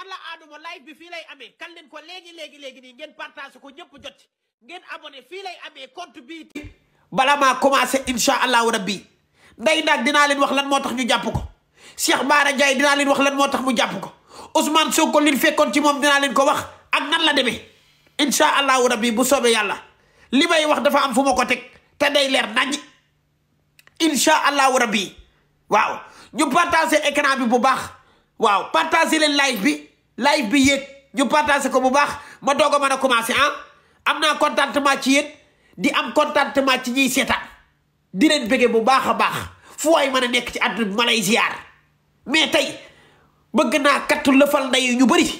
alla aaduma live bi fii lay amee kan leen ko léegi léegi léegi nii ngeen partage ko ñëpp jot ngeen abonné fii lay amee compte bi bala maa commencé incha allahu rabbi nday ndaag dinaa leen wax lan moo tax ñu jàpp ko Cheikh Bara Ndiaye dinaa leen wax lan moo tax mu jàpp ko Ousmane Sonko li fekkoon ci moom dinaa leen ko wax ak nan la demee incha allahu rabbi bu soobee yàlla li may wax dafa am fu ma ko teg te day leer naññ incha allahu rabbi waaw ñu partagé écran bi bu baax waaw partagé leen live bi. live bi yéeg ñu partagé ko bu baax ma doog a mën a commencé ah am naa contentement ci yéen di am contentement ci ñiy seetaan di leen bëggee bu baax a baax fu waay mën a nekk ci add bi ma lay ziar mais tey bëgg naa kattu lëfal nday ñu bëri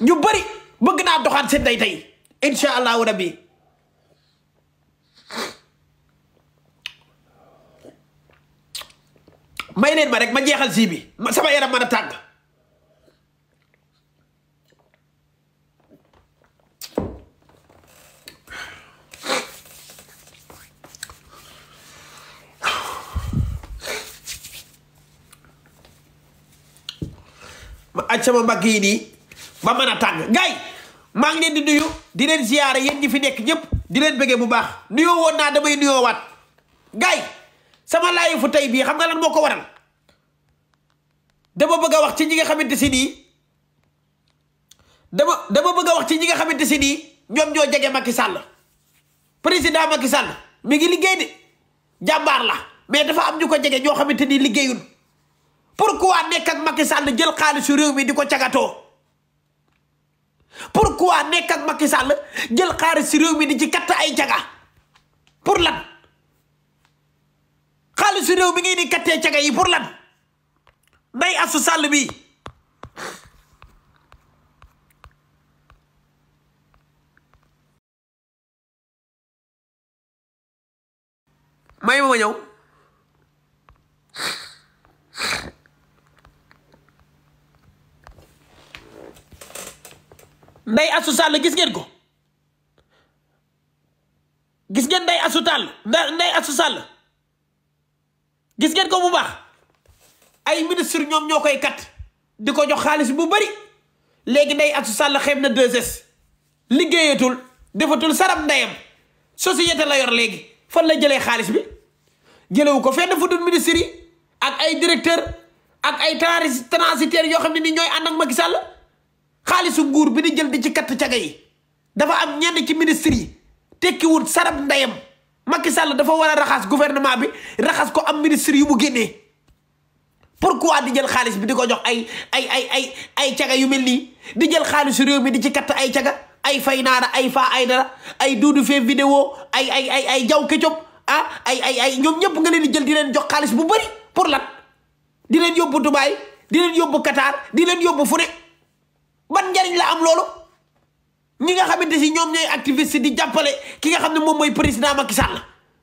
ñu bëri bëgg naa doxaan seen day tey incha allahu rabbi may leen ma rek ma jeexal si bi sama yaram mën a tàng ak sama mbagg yi nii ba mën a tàng gay maa ngi leen di nuyu di leen ziyaare yéen ñi fi nekk ñëpp di leen bëggee bu baax nuyoo woon naa damay nuyoo waat gay sama laayu fu tey bii xam nga lan moo ko waral dama bëgg a wax ci ñi nga xamante si nii dama dama bëgg a wax ci ñi nga xamante si nii ñoom ñoo jege Macky Sall président Macky sàll mi ngi liggéey de jàmbaar la mais dafa am ñu ko jege ñoo xamante ni liggéeyul pourquoi nekk ak Macky Sall jël xaalisu réew mi di ko cagatoo pourquoi nekk ak Macky Sall jël xaalisu réew mi di ci katt ay caga pour lan xaalisu réew mi ngi di kattee caga yi pour lan nday asu sall bi may ma nday asu sàll gis ngeen ko gis ngeen nday asu tàll nday asu sàll gis ngeen ko bu baax ay ministre ñoom ñoo koy kat di ko jox xaalis bu bari léegi nday asu sàll xeeb na 2S liggéeyatul defatul sarab ndeyam société la yor léegi fan la jëlee xaalis bi jëlewu ko fenn fu dul ministre yi ak ay directeur ak ay transitaires yoo xam ne nii ñooy ànd ak Macky Sall xaalisu nguur bi ni jël di ci katt caga yi dafa am ñenn ci ministre yi tekkiwul sarab ndeyam makki Sall dafa war a raxas gouvernement bi raxas ko am ministre yu mu génnee pourquoi di jël xaalis bi di ko jox ay ay ay ay ay caga yu mel nii di jël xaalisu réew mi di ci katt ay caga ay fay naara ay faa ay dara ay duudu fee vidéo ay ay ay ay jaw kecob ah ay ay ay ñoom ñëpp nga leen di jël di leen jox xaalis bu bëri pour lan di leen yóbbu Dubaï di leen yóbbu Qatar di leen yóbbu fu ne man njariñ la am loolu ñi nga xamante si ñoom ñooy activiste di jàppale ki nga xam ne moom mooy président Macky Sall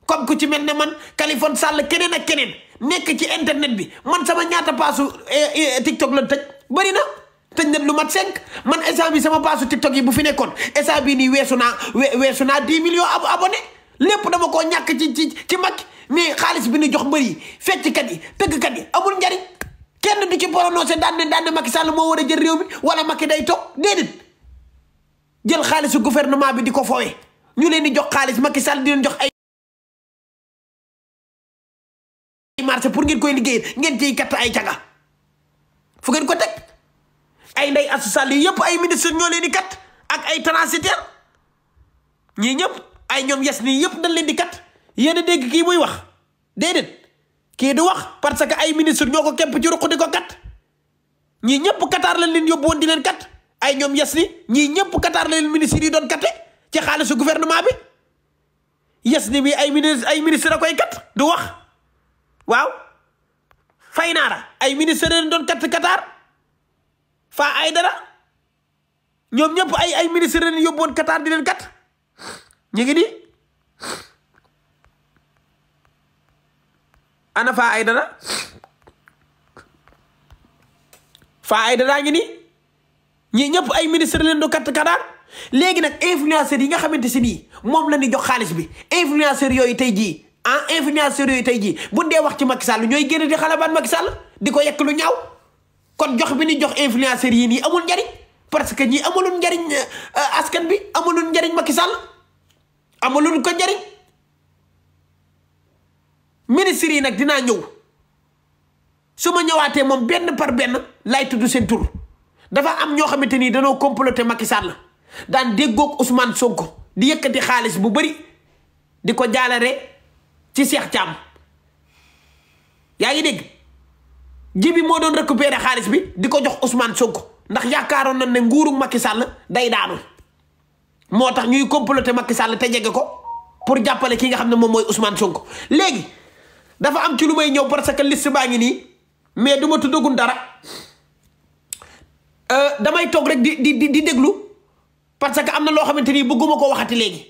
comme ku ci mel ne man Khaliphone Sall keneen ak keneen nekk ci internet bi man sama ñaata paasu eh, eh, TikTok la tëj bëri na tëj na lu mat cinq man instant bi sama paasu TikTok yi bu fi nekkoon instant bii nii weesu naa weesu naa ab millions ne lépp dama koo ñàkk ci ci ci mag mais xaalis bi ñu jox mbër yi fecckat yi tëggkat yi amul njariñ kenn du ci prononcé daan ne daan ne Macky Sall moo war a jël réew mi wala Macky day toog déedéet jël xaalisu gouvernement bi di ko fowee ñu leen di jox xaalis Macky Sall di leen jox ay marché pour ngeen koy liggéeyal ngeen ciy katt ay caga fu ngeen ko teg ay ndey asu Sall yëpp ay ministre ñoo leen di kat ak ay transitaire ñi ñëpp ay ñoom yes nii yëpp dañ leen di kat yéen a dégg kii muy wax déedéet kii di wax parce que ay ministre ñoo ko képp ci ruq di ko kat ñii ñëpp Qatar lañ leen yóbbu di leen kat ay ñoom yes ni ñii ñëpp Qatar la leen ministre yi doon katte ci xaalisu gouvernement bi yes ni mi ay ministre ay ministre la koy du wax waaw fay naara ay ministre leen doon kat Qatar faa ay dara ñoom ñëpp ay ay ministre leen yóbbu di leen kat ñu ngi nii ana faa ay dara faa ay dara ngi ni ñii ñëpp ay ministre leen du katt kadaar léegi nag influenceurs yi nga xamante si nii moom la ñu jox xaalis bi influenceurs yooyu tey jii ah influenceurs yooyu tey jii bu dee wax ci Macky Sall ñooy génn di xalabaat Macky Sall di ko yekk lu ñaaw kon jox bi ni jox influenceurs yi nii amul njariñ parce que ñii amulun njariñ euh, askan bi amulun njariñ Macky Sall amulun ko njariñ ministres yi nag dinaa ñëw su ma ñëwaatee moom benn par benn lay tudd seen tur dafa am ñoo xamante ni danoo comploter Macky Sall daan déggoog Ousmane Sonko di yëkkati xaalis bu bëri di ko jaalare ci Cheikh Thiam yaa ngi dégg ji bi moo doon récupérer xaalis bi di ko jox Ousmane Sonko ndax yaakaaroon na ne nguuru Macky Sall day daanu moo tax ñuy comploter Macky Sall te jege ko pour jàppale ki nga xam ne moom mooy Ousmane Sonko léegi. dafa am ci lu may ñëw parce que liste baa ngi nii mais du ma tuddagum dara euh, damay toog rek di di di déglu parce que am na loo xamante ni bëgguma ko waxati léegi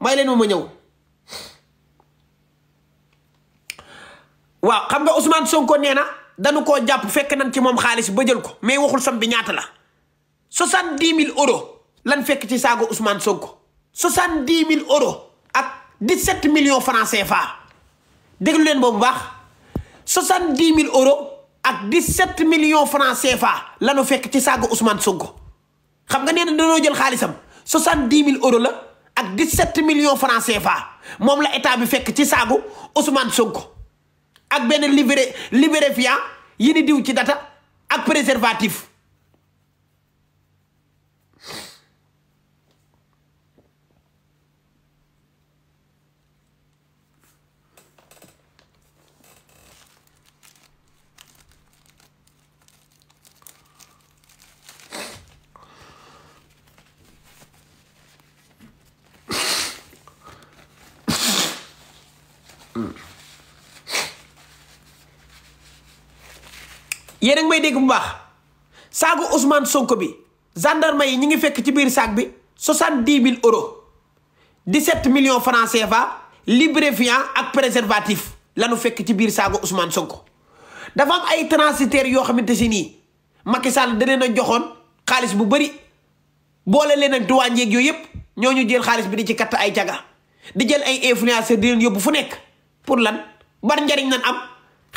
may leen ma ma ñëw. waaw xam nga Ousmane Sonko nee na dañu koo jàpp fekk nañ ci moom xaalis ba jël ko mais waxul som bi ñaata la soixante-dix mille euros lan fekk ci saago Ousmane Sonko soixante-dix mille euro ak dix-sept million francs CFA. déglu leen boobu baax soixante dix mille euro ak dix sept million francs CFA la ñu fekk ci saagu Ousmane Sonko xam nga nee na dañoo jël xaalisam soixante dix mille euros la ak dix sept million francs CFA moom la état bi fekk ci saagu Ousmane Sonko ak benn libéré libéré fiant yi ni diw ci data ak préservatif. yéen a ngi dégg bu baax saagu Ousmane Sonko bi gendarme yi ñu ngi fekk ci biir saag bi soixante-dix mille euros dix-sept millions francs CFA lubrifiant ak préservatif lanu fekk ci biir saagu Ousmane Sonko dafa am ay transitaires yoo xamante si nii Macky Sall da leen a joxoon xaalis bu bëri boole leen ak douane yeeg yooyu yëpp ñu jël xaalis bi di ci katt ay caga di jël ay influenceurs di leen yóbbu fu nekk pour lan bar njariñ lan am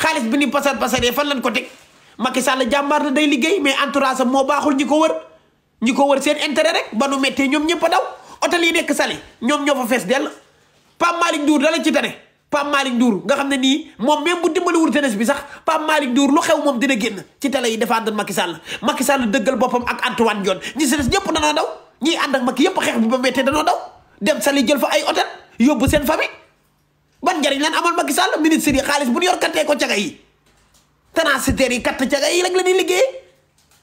xaalis bi ni pasar pasaree fan lan ko teg Macky Sall jàmbaar na day liggéey mais entourage am moo baaxul ñi ko wër ñi ko wër seen intérêt rek ba nu méttee ñoom ñëpp a daw hôtel yi nekk Saly ñoom ñoo fa fees dell Pape Malick Ndour dala ci tane Pape Malick Ndour nga xam ne nii moom même bu dimbaliwul jeunesse bi sax Pape Malick Ndour lu xew moom dina génn ci télé yi défendre Macky Sall Macky Sall dëggal boppam ak Antoine Diome ñi jeunesse ñëpp danoo daw ñiy ànd ak Macky yëpp xeex bi ba méttee danoo daw dem Saly jël fa ay hôtel yóbbu seen famille ban njariñ lan amal Macky Sall ministre yi xaalis bu ñu yor kantee ko caga yi transitaires yi katt caga yi rek la ñuy liggéey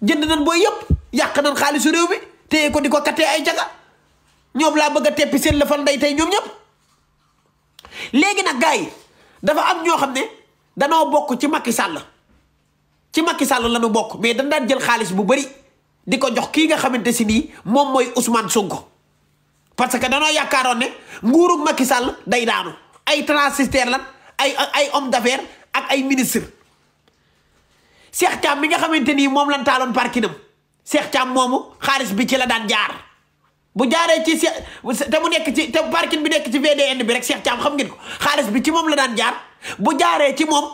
jënd nañ booy yëpp yàq nan xaalisu réew mi te ko di ko kattee ay caga ñoom laa bëgg a teppi seen la fan day tey ñoom ñëpp léegi nag gars dafa am ñoo xam ne danoo bokk ci Macky sàll ci Macky Sall la ñu bokk mais dañ daan jël xaalis bu bëri di ko jox kii nga xamante si nii moom mooy Ousmane Sonko parce que danoo yaakaaroon ne nguurug makki sàll day daanu ay transitaires lan ay ay homme d'affaires ak ay ministre Cheikh Thiam bi nga xamante ni moom lan taaloon am Cheikh caam moomu xaalis bi ci la daan jaar bu jaaree ci te mu nekk ci te parking bi nekk ci VDN bi rek Cheikh Thiam xam ngeen ko xaalis bi ci moom la daan jaar bu jaaree ci moom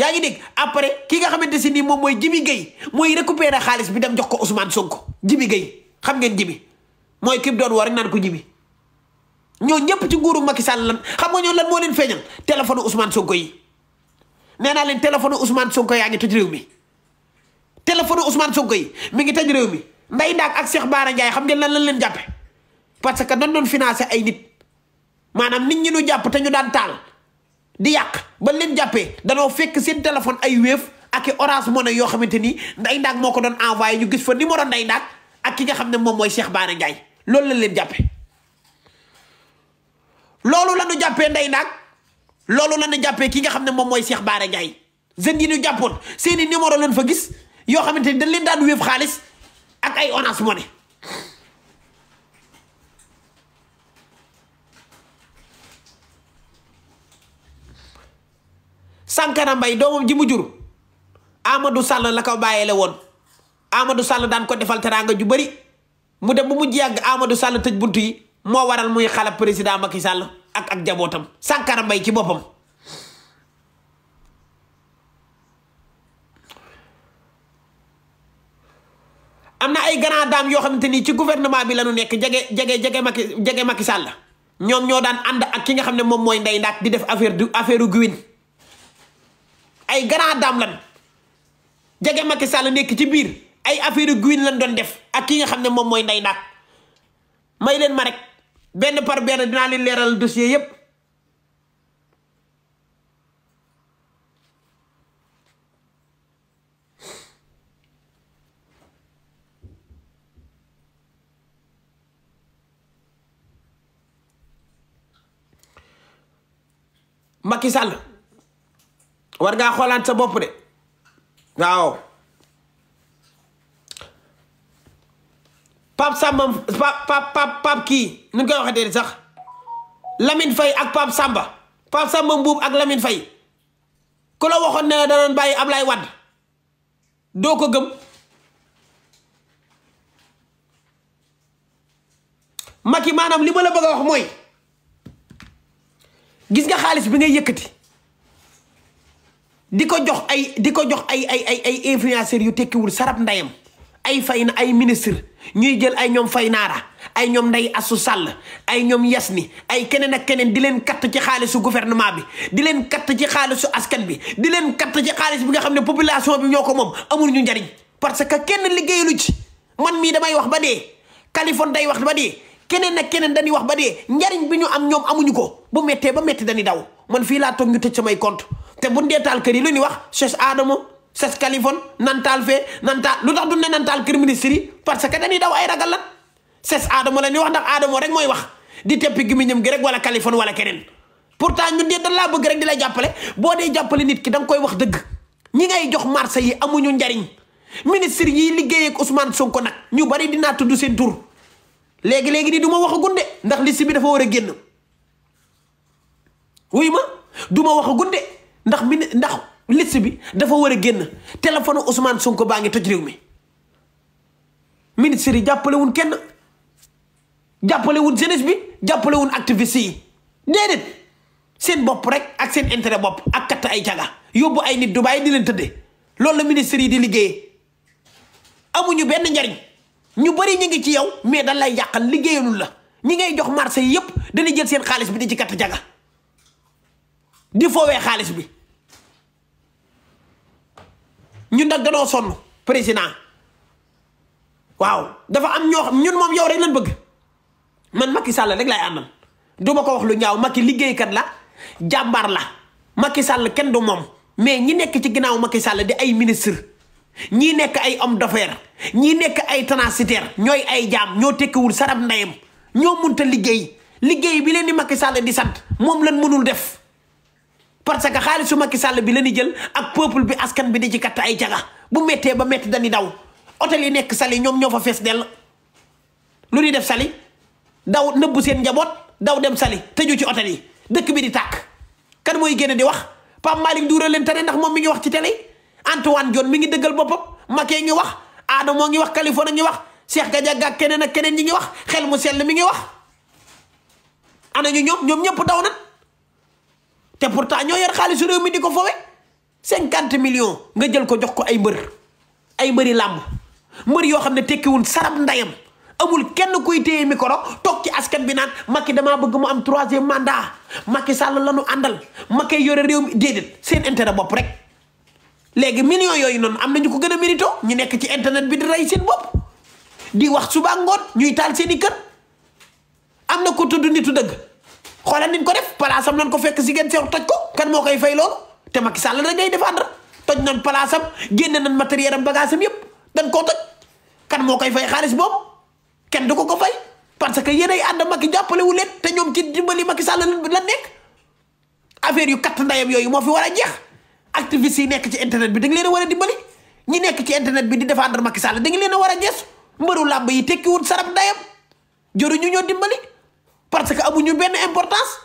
yaa ngi dégg après ki nga xamante si nii moom mooy Jibi Gueye mooy récupérer xaalis bi dem jox ko Ousmane Sonko Jibi Gueye xam ngeen Jibi mooy ki doon woo rek naan ko Jibi ñoo ñëpp ci nguuru Macky Sall lan xam nga ñoon lan moo leen feeñal téléphone Ousmane Sonko yi. nee naa leen téléphone Ousmane Sonko yaa ngi tëj réew mi téléphone Ousmane Sonko yi mi ngi tëj réew mi Ndeye Ndaak ak Cheikh Bara Ndiaye xam ngeen lan lañ leen jàppe parce que dañ doon financé ay nit maanaam nit ñi ñu jàpp te daan taal di yàq ba leen jàppee danoo fekk seen téléphone ay Wave ak i Orange na yoo xamante ni Ndeye Ndaak moo ko doon envoyé ñu gis fa numéro Ndeye Ndaak ak ki nga xam ne moom mooy seex Bara Ndiaye loolu lañ leen jàppe loolu la ñu jàppee Ndeye Ndaak loolu la ñu jàppee ki nga xam ne moom mooy Cheikh Bara Ndiaye jeunes yi ñu jàppoon seen numéro lañ fa gis yoo xamante ni dañ leen daan wéef xaalis ak ay Orange Money Sankara Mbaye doomam ji mu jur Amadou Sall la ko bàyyee la woon Amadou Sall daan ko defal teraanga ju bëri mu dem ba mujj yàgg Amadou Sall tëj bunt yi moo waral muy xala président Macky Sall ak ak jabootam Sankara Mbay ci boppam am na ay grand dame yoo xamante ni ci gouvernement bi la nekk jege jege jege Macky jege Macky Sall ñoom ñoo daan ànd ak ki nga xam ne moom mooy ndey ndaat di def affaire du affaire guwin ay grand dame lan jege Macky Sall nekk ci biir ay affaire guwin lan doon def ak ki nga xam ne moom mooy ndey ndaat may leen ma rek. benn par benn dinaa leeral dossier yépp Macky Sall war ngaa xoolaan sa bopp de waaw Pape Samba Pape Pape Pape kii nu ñu koy waxatee sax Lamine Faye ak Pape Samba Pape Samba mbub ak Lamine fay ku la waxoon ne la da doon bàyyi Ablaye doo ko gëm Macky maanaam li ma la bëgg a wax mooy gis nga xaalis bi ngay yëkkati di ko jox ay di ko jox ay ay ay ay yu tekkiwul sarab ndayam ay fay na ay ministre ñuy jël ay ñoom fay naara ay ñoom nday asu sàll ay ñoom yas ni ay keneen ak keneen di leen katt ci xaalisu gouvernement bi di leen katt ci xaalisu askan bi di leen katt ci xaalis bi nga xam ne population bi ñoo ko moom amul ñu njariñ parce que kenn liggéeyalu ci man mii damay wax ba dee Kaliphone day wax ba dee keneen ak keneen dañuy wax ba dee njariñ bi ñu am ñoom amuñu ko bu méttee ba métti dañuy daw man fii laa toog ñu tëj samay compte te bu ndeetaal kër yi lu ñuy wax ches aadamo ses Kaliphone nantaal fee nantaal lu tax du ne nantaal kër ministre yi parce que dañuy daw ay ragal lan ses Adamo la ñuy wax ndax Adamo rek mooy wax di teppi gémmiñam gi rek wala Kaliphone wala keneen pourtant ñun de dañ laa bëgg rek di la jàppale boo dee jàppale nit ki da koy wax dëgg ñi ngay jox marché yi amuñu njariñ ministre yi liggéey ak Ousmane Sonko nag ñu bari dinaa tudd seen tur léegi léegi nii du ma wax a gunde ndax liste bi dafa war a génn ma du ma wax a gunde ndax min ndax. liste bi dafa war a génn téléphone Ousmane Sonko baa ngi toj réew mi ministre yi jàppale wuñ kenn jàppale wuñ jeunesse bi jàppale wuñ activiste yi déedéet seen bopp rek ak seen intérêt bopp ak katt ay caga yóbbu ay nit du Dubaay di leen tëddee loolu la ministre yi di liggéeyee amuñu benn njariñ ñu bari ñu ngi ci yow mais dañ lay yàqal liggéeyalul la ñi ngay jox marché yi yépp dañuy jël seen xaalis bi di ci katt caga di foowee xaalis bi ñun nag danoo sonn président waaw dafa am ñoo xam ñun moom yow rek lañ bëgg man Macky Sall rek laay àndal du ma ko wax lu ñaaw Macky liggéeykat la jàmbaar la Macky sàll kenn du moom mais ñi nekk ci ginnaaw Macky Sall di ay ministre ñii nekk ay homme d'affaires ñii nekk ay transitaire ñooy ay jaam ñoo tekkiwul sarab ndeyam ñoo munta liggéey liggéey bi leen di makki Sall di sant moom lan mënul def parce que xaalisu Macky Sall bi la ñu jël ak peuple bi askan bi di ci ay jaga bu méttee ba métti dañuy daw hôtel yi nekk Saly ñoom ñoo fa fees dell lu ñuy def Saly daw nëbbu seen njaboot daw dem Saly tëju ci hôtel dëkk bi di tàkk kan mooy génne di wax Pape Malick Ndour leen tane ndax moom mi ngi wax ci télé Antoine Diome mi ngi dëggal boppam Macky ngi wax Adama moo ngi wax Californie ngi wax Cheikh Gadiaga ak ak keneen ñi ngi wax xel mu sell mi ngi wax ana ñu ñoom ñoom ñëpp daw na te pourtant ñoo yor xaalisu réew mi di ko fowe cinquante millions nga jël ko jox ko ay mbër ay mbëri làmb mbër yoo xam ne tekkiwul sarab ndayam amul kenn kuy téye micro toog ci askan bi naan makki damaa bëgg mu am troisième mandat Macky Sall la àndal Macky yore réew mi déedéet seen bopp rek. léegi millions yooyu noonu am na ko gën a mérito ñu nekk ci internet bi di rey seen bopp di wax suba ngoon ñuy taal seeni i kër am na ko tudd nitu dëgg. xoolal nañ ko def palaasam lañ ko fekk si ngeen seew toj ko kan moo koy fay loolu te Macky Sall rek day défendre toj nañ palaasam génne nañ matériel am bagage am yëpp dañ koo toj kan moo koy fay xaalis boobu kenn du ko ko fay parce que yéen ay ànd Macky jàppale wu leen te ñoom ci dimbali Macky Sall lan lan nekk affaire yu katt yooyu moo fi war a jeex activistes yi nekk ci internet bi da nga leen war a dimbali ñi nekk ci internet bi di défendre Macky Sall da leen a war a gees mbëru làmb yi tekkiwul sarab ndayam jëruñu ñoo dimbali parce que amuñu benn importance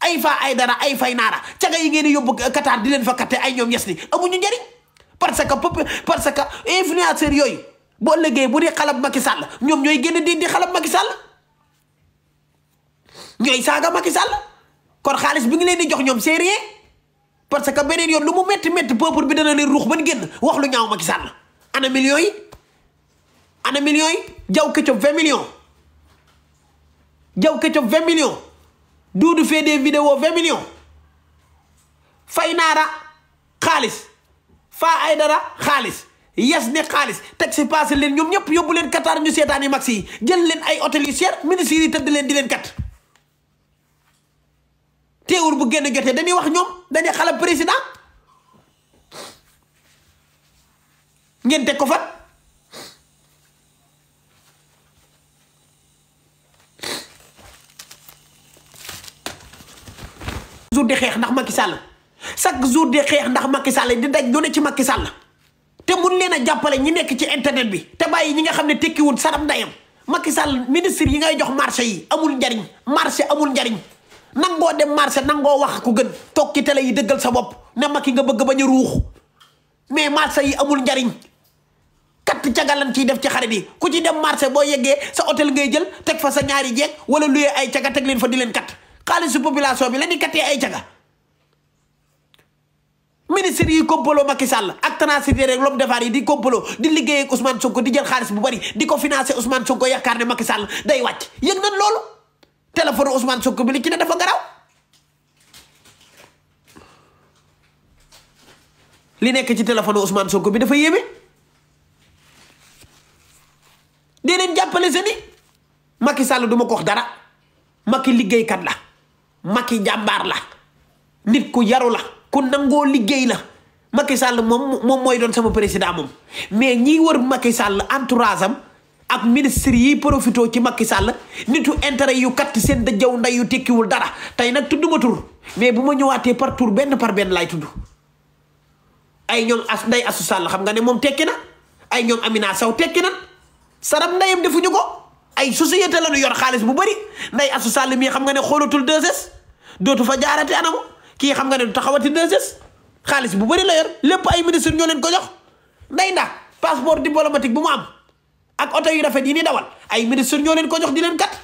ay faa ay dara ay fay naara caga yi ngeen di yóbbu Qatar di leen fa katte ay ñoom yes ni amuñu njëriñ parce que pop parce que influenceur yooyu boo liggéey bu dee xalab Macky Sall ñoom ñooy génn di di xalab Macky Sall ñooy saaga Macky Sall kon xaalis bi ngi leen di jox ñoom c'est rien parce que beneen yoon lu mu métti métti peuple bi dana leen ruux ban génn wax lu ñaaw Macky Sall a millions yi ana millions yi jaw këccëg vingt millions jaw Ketchup vingt millions Doudou fait des vidéos vingt millions fay naara xaalis faa ay dara xaalis yes ne xaalis teg si passé leen ñoom ñëpp yóbbu leen Qatar ñu seetaan yi max yi jël leen ay hôtel yu cher ministres yi tëdd leen di leen kat teewul bu génn jotee dañuy wax ñoom dañuy xala président ngeen teg ko fan jour di xeex ndax Macky Sall chaque jour di xeex ndax Macky Sall di daj doone ci makki Sall te mun leen a jàppale ñi nekk ci internet bi te bàyyi ñi nga xam ne tekkiwul saram ndayam Macky Sall ministre yi ngay jox marché yi amul njariñ marché amul njariñ nangoo dem marché nangoo wax ku gën toog ci télé yi dëggal sa bopp ne Macky nga bëgg ba ñu ruux mais marché yi amul njariñ kat cagalan ciy def ci xarit yi ku ci dem marché boo yeggee sa hôtel ngay jël teg fa sa ñaari jeeg wala luyee ay caga teg leen fa di leen kat xaalisu population bi la kattee ay caga ministre yi complot Macky sàll ak tenacité rek lomu defaar yi di complot di liggéey ak Ousmane di jël xaalis bu bari di ko financé Ousmane Sonko yaakaar ne day wàcc yëg nan loolu téléphone Ousmane Sonko bi li ci ne dafa garaaw li nekk ci téléphone Ousmane Sonko bi dafa yéeme di leen jàppale seen i Macky Sall duma kox dara Macky liggéeykat la Macky jàmbaar la nit ku yaru la ku nangoo liggéey la makki Sall moom moom mooy doon sama président moom mais ñi wër Macky Sall entourage am ak ministre yi profité ci Macky Sall nitu intérêt yu katt seen dëjëw nday yu tekkiwul dara tey nag tudd ma mais bu ma ñëwaatee par tur benn par benn laay tudd ay ñoom as nday asu Sall xam nga ne moom tekki na ay ñoom Amina Sow tekki na saram ndayam ñu ko ay société la ñu yor xaalis bu bëri nday asu Sall mii xam nga ne xoolatul 2S dootu fa jaarati anamu kii xam nga ne du taxawati deses xaalis bu bëri la lépp ay ministre ñoo leen ko jox nday ndax passeport diplomatique bu mu am ak oto yu rafet yi ni dawal ay ministre ñoo ko jox di leen kat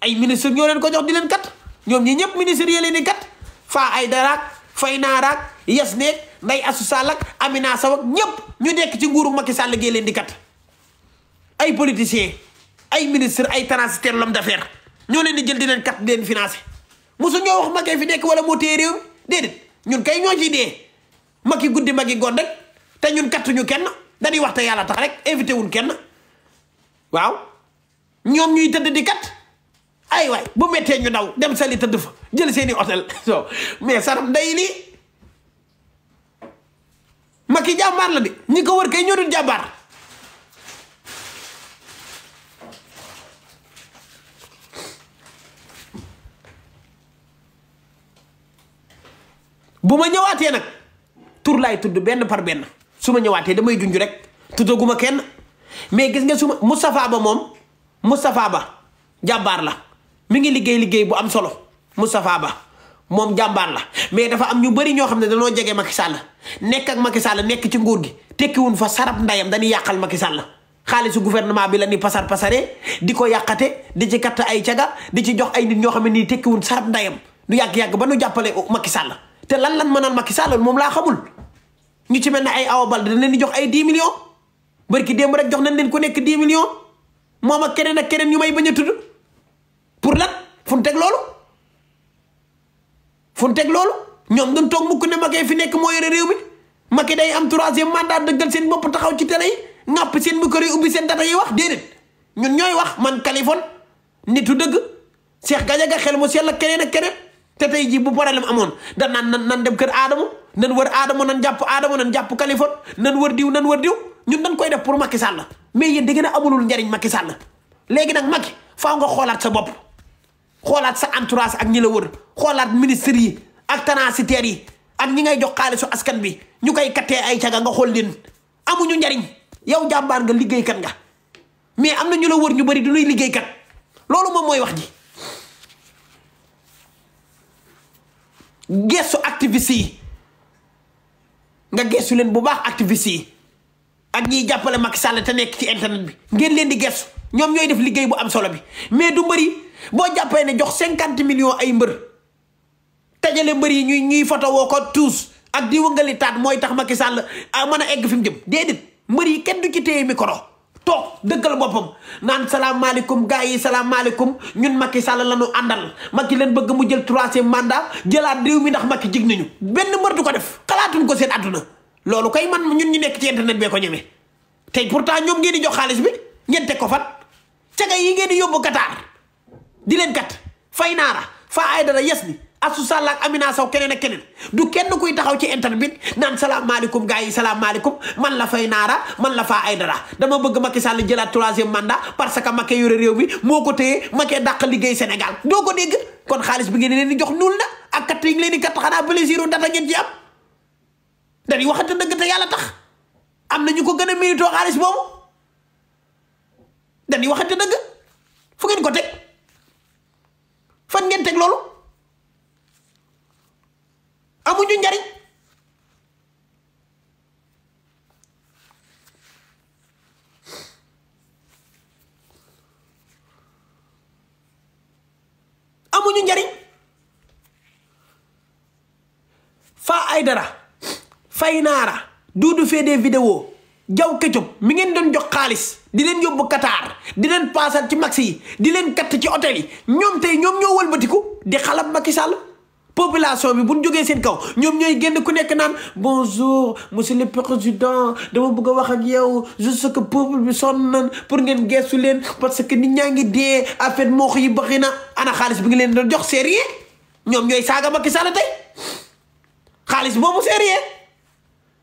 ay ministre ñoo leen ko jox di leen kat ñoom ñi ñëpp ministre yi leen di kat faa ay daraak fay naaraak yes neeg nday asu sall ak amina saw ak ñëpp ñu nekk ci nguuru Macky Sall gee leen di kat ay politiciens ay ministre ay transitaire l'homme d'affaires ñoo leen di jël di neen kat di leen financé mosu ñoo wax Macky fi nekk wala moo téye réew mi déedéet ñun kay ñoo de dee Macky guddi Macky gon rek te ñun kattuñu kenn dañuy wax te yàlla tax invité wuñ kenn waaw ñoom ñuy tëdd di kat ay waay bu méttee ñu daw dem sali tëdd fa jël seeni otel so mais saram day lii Macky jàmbaar la de ñi ko wër kay ñoo dul jàmbaar bu ma ñëwaatee nag tur laay tudd benn par benn suma ñëwaatee damay junj rek tuddaguma kenn mais gis nga su ma Moustapha Ba moom Moustapha Ba jàmbaar la mi ngi liggéey liggéey bu am solo Moustapha Ba moom jàmbaar la mais dafa am ñu bari ñoo xam ne danoo jege Macky Sall nekk ak Macky nekk ci nguur gi tekkiwun fa sarab ndayam dañuy yàqal Macky Sall xaalisu gouvernement bi la ni pasar pasare di ko yàqate di ci katt ay caga di ci jox ay nit ñoo xam ne nii tekkiwun sarab ndayam du yàgg-yàgg ba nu jàppale Macky Sall te lan lan mënal Macky Sall moom laa xamul ñu ci mel ne ay Awa Baldé dañ leen di jox ay 10 millions barki démb rek jox nañ leen ku nekk 10 millions moom ak keneen ak keneen yu may bañ a tudd pour lan fu ñu teg loolu fu loolu ñoom duñ toog mukk ne Macky fi nekk moo yore réew mi Macky day am troisième mandat dëggal seen bopp taxaw ci télé yi ŋàpp seen micro yi ubbi seen data yi wax déedéet ñun ñooy wax man Kaliphone nitu dëgg Cheikh Gadiaga xel mu sell ak keneen ak keneen. te tey jii bu problème amoon dan naan nan nan dem kër aadama nan wër aadama nan jàpp aadama nan jàpp Kaliphone nan wër diw nan wër diw ñun dañ koy def pour Macky Sall mais yéen da ngeen a amulul njariñ léegi nag Macky faaw nga xoolaat sa bopp xoolaat sa entourage ak ñi la wër xoolaat ministre yi ak tenacitaires yi ak ñi ngay jox xaalisu askan bi ñu koy kattee ay caga xool leen amuñu njariñ yow njàmbaar nga liggéeykat nga mais am na ñu la wër ñu bëri du ñuy liggéeykat loolu moom mooy wax ji gestu activiste yi nga gestu leen bu baax activiste yi ak ñiy jàppale Macky Sall te nekk ci internet bi ngeen leen di gestu ñoom ñooy def liggéey bu am solo bi mais du mbëri boo jàppee ne jox cinquante millions ay mbër tajale mbër yi ñuy ñuy foto woo ko tous ak di wëngali taat mooy tax Macky Sall ah, mën a egg fi mu jëm dee mbër yi kenn du ci téye micro. toog dëggal boppam naan salaamaaleykum gaa yi salaamaaleykum ñun Macky Sall la ñu àndal Macky leen bëgg mu jël troisième mandat jëlaat réew mi ndax Macky jig nañu benn mbër du ko def xalaatuñ ko seen àdduna loolu koy man ñun ñu nekk ci internet bee ko ñemee tey pourtant ñoom ngeen di jox xaalis bi ñeente ko fan caga yi ngeen di yóbbu Qatar di leen kat fay naara fa ay dara yes ni Astou Sall ak Amina Sow keneen ak keneen du kenn kuy taxaw ci internet naan salaamaaleykum gars yi salaamaaleykum man la fay naara man la faa ay dara dama bëgg Macky Sall jëlaat troisième mandat parce que Macky yore réew mi moo ko téye Macky dàq liggéey Sénégal doo ko dégg kon xaalis bi ngeen leen di jox nul na ak kat yi ngi leen di kat xanaa plaisir data ngeen ci am dañuy tax am na ñu ko gën a méritoo xaalis boobu dañuy waxante dëgg fu ko ju amuñu njariñ Faa dara fay naara duudu fee des vidéos jaw këccum mi ngeen doon jox xaalis di leen yóbbu Qatar di leen paasal ci max yi di leen katt ci hôtel yi ñoom tey ñoom ñoo wëlbatiku di xalab Macky Sall population bi bu ñu jógee seen kaw ñoom ñooy génn ku nekk naan bonjour monsieur le président dama bëgg a wax ak yow juste que peuple bi sonn pour ngeen geestu leen parce que nit ñaa ngi dee en fait moo yi baxi na ana xaalis bi ngi leen doon jox sérieux ñoom ñooy saaga Macky Sall tey xaalis boobu sérieux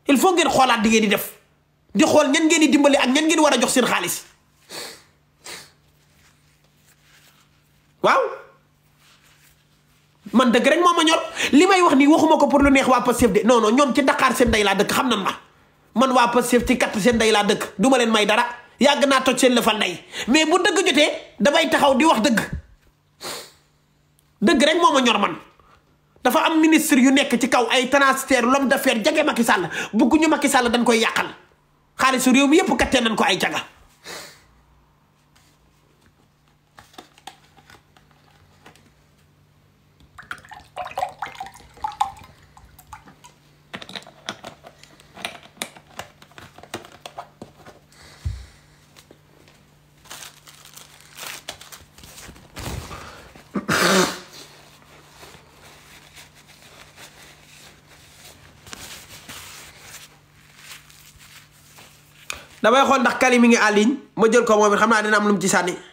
il faut ngeen xoolaat di ngeen di def di xool ñan ngeen di dimbali ak ñan ngeen war a jox seen xaalis man dëgg rek moo ma ñor li may wax nii waxuma ko pour lu neex waa Pastef de non non ñoom ci Dakar seen day laa dëkk xam na ma man waa Pastef ci katt seen day laa dëkk du ma leen may dara yàgg naa toj seen lëfal ndey mais bu dëgg jotee damay taxaw di wax dëgg dëgg rek moom a ñor man dafa am ministre yu nekk ci kaw ay transfert l'homme d'affaires jage Macky sàll bugguñu Macky Sall dañ koy yàqal xaalisu réew mi yëpp kattee nañ ko ay jaga damay xool ndax Karim mi ngi en ligne ma jël ko moom it xam naa dina am lu mu ci sànni